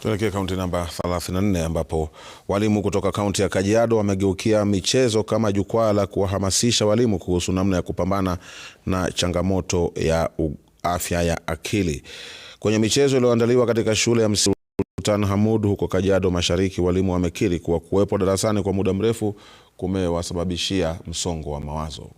Tuelekee kaunti namba 34 ambapo walimu kutoka kaunti ya Kajiado wamegeukia michezo kama jukwaa la kuwahamasisha walimu kuhusu namna ya kupambana na changamoto ya afya ya akili. Kwenye michezo iliyoandaliwa katika shule ya msingi Sultan Hamud huko Kajiado Mashariki, walimu wamekiri kuwa kuwepo darasani kwa muda mrefu kumewasababishia msongo wa mawazo.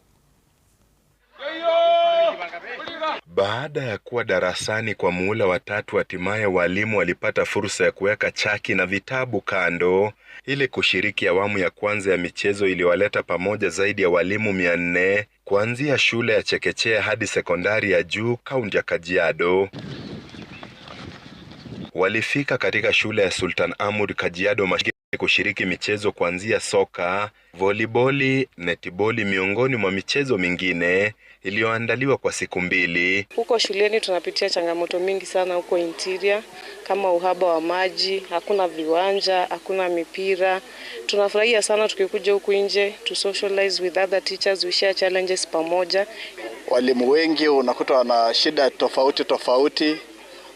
Baada ya kuwa darasani kwa muhula wa tatu, hatimaye walimu walipata fursa ya kuweka chaki na vitabu kando ili kushiriki awamu ya kwanza ya michezo iliyowaleta pamoja zaidi ya walimu mia nne kuanzia shule ya chekechea hadi sekondari ya juu kaunti ya Kajiado. Walifika katika shule ya Sultan Amud Kajiado kushiriki michezo kuanzia soka, voliboli, netiboli miongoni mwa michezo mingine iliyoandaliwa kwa siku mbili. Huko shuleni tunapitia changamoto mingi sana huko interior, kama uhaba wa maji, hakuna viwanja, hakuna mipira. Tunafurahia sana tukikuja huku nje to socialize with other teachers, we share challenges pamoja. Walimu wengi unakuta wana shida tofauti tofauti,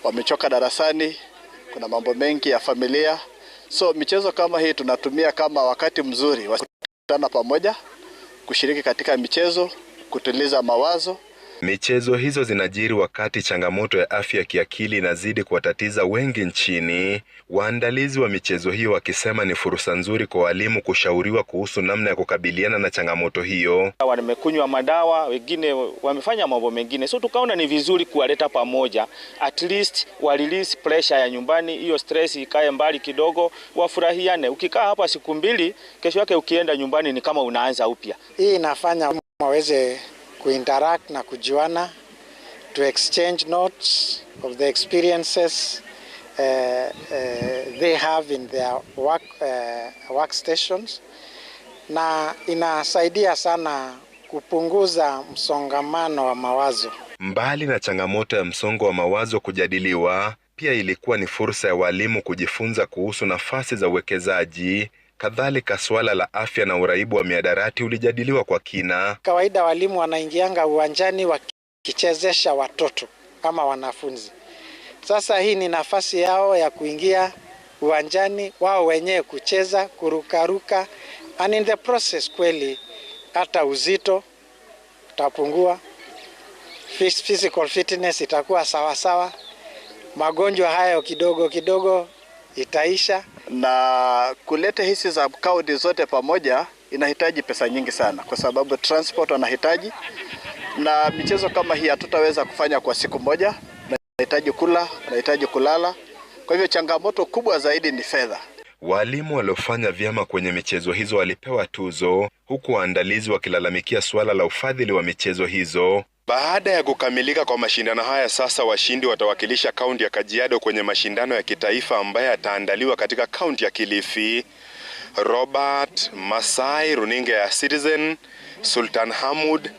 wamechoka darasani, kuna mambo mengi ya familia So michezo kama hii tunatumia kama wakati mzuri wa kukutana pamoja, kushiriki katika michezo, kutuliza mawazo. Michezo hizo zinajiri wakati changamoto ya afya ya kiakili inazidi kuwatatiza wengi nchini, waandalizi wa michezo hiyo wakisema ni fursa nzuri kwa walimu kushauriwa kuhusu namna ya kukabiliana na changamoto hiyo. Wamekunywa madawa, wengine wamefanya mambo mengine, so tukaona ni vizuri kuwaleta pamoja, at least wa release pressure ya nyumbani, hiyo stress ikae mbali kidogo, wafurahiane. Ukikaa hapa siku mbili, kesho yake ukienda nyumbani ni kama unaanza upya. Hii inafanya waweze kuinteract na kujuana, to exchange notes of the experiences uh, uh, they have in their work, uh, workstations na inasaidia sana kupunguza msongamano wa mawazo. Mbali na changamoto ya msongo wa mawazo kujadiliwa, pia ilikuwa ni fursa ya walimu kujifunza kuhusu nafasi za uwekezaji Kadhalika, suala la afya na uraibu wa miadarati ulijadiliwa kwa kina. Kawaida walimu wanaingianga uwanjani wakichezesha watoto kama wanafunzi. Sasa hii ni nafasi yao ya kuingia uwanjani wao wenyewe kucheza, kurukaruka and in the process, kweli hata uzito utapungua, physical fitness itakuwa sawasawa, magonjwa hayo kidogo kidogo itaisha na kuleta hisi za kaunti zote pamoja inahitaji pesa nyingi sana, kwa sababu transport wanahitaji, na michezo kama hii hatutaweza kufanya kwa siku moja. nahitaji kula, nahitaji kulala, kwa hivyo changamoto kubwa zaidi ni fedha. Waalimu waliofanya vyema kwenye michezo hizo walipewa tuzo, huku waandalizi wakilalamikia suala la ufadhili wa michezo hizo baada ya kukamilika kwa mashindano haya, sasa washindi watawakilisha kaunti ya Kajiado kwenye mashindano ya kitaifa ambayo yataandaliwa katika kaunti ya Kilifi. Robert Masai, runinga ya Citizen, Sultan Hamud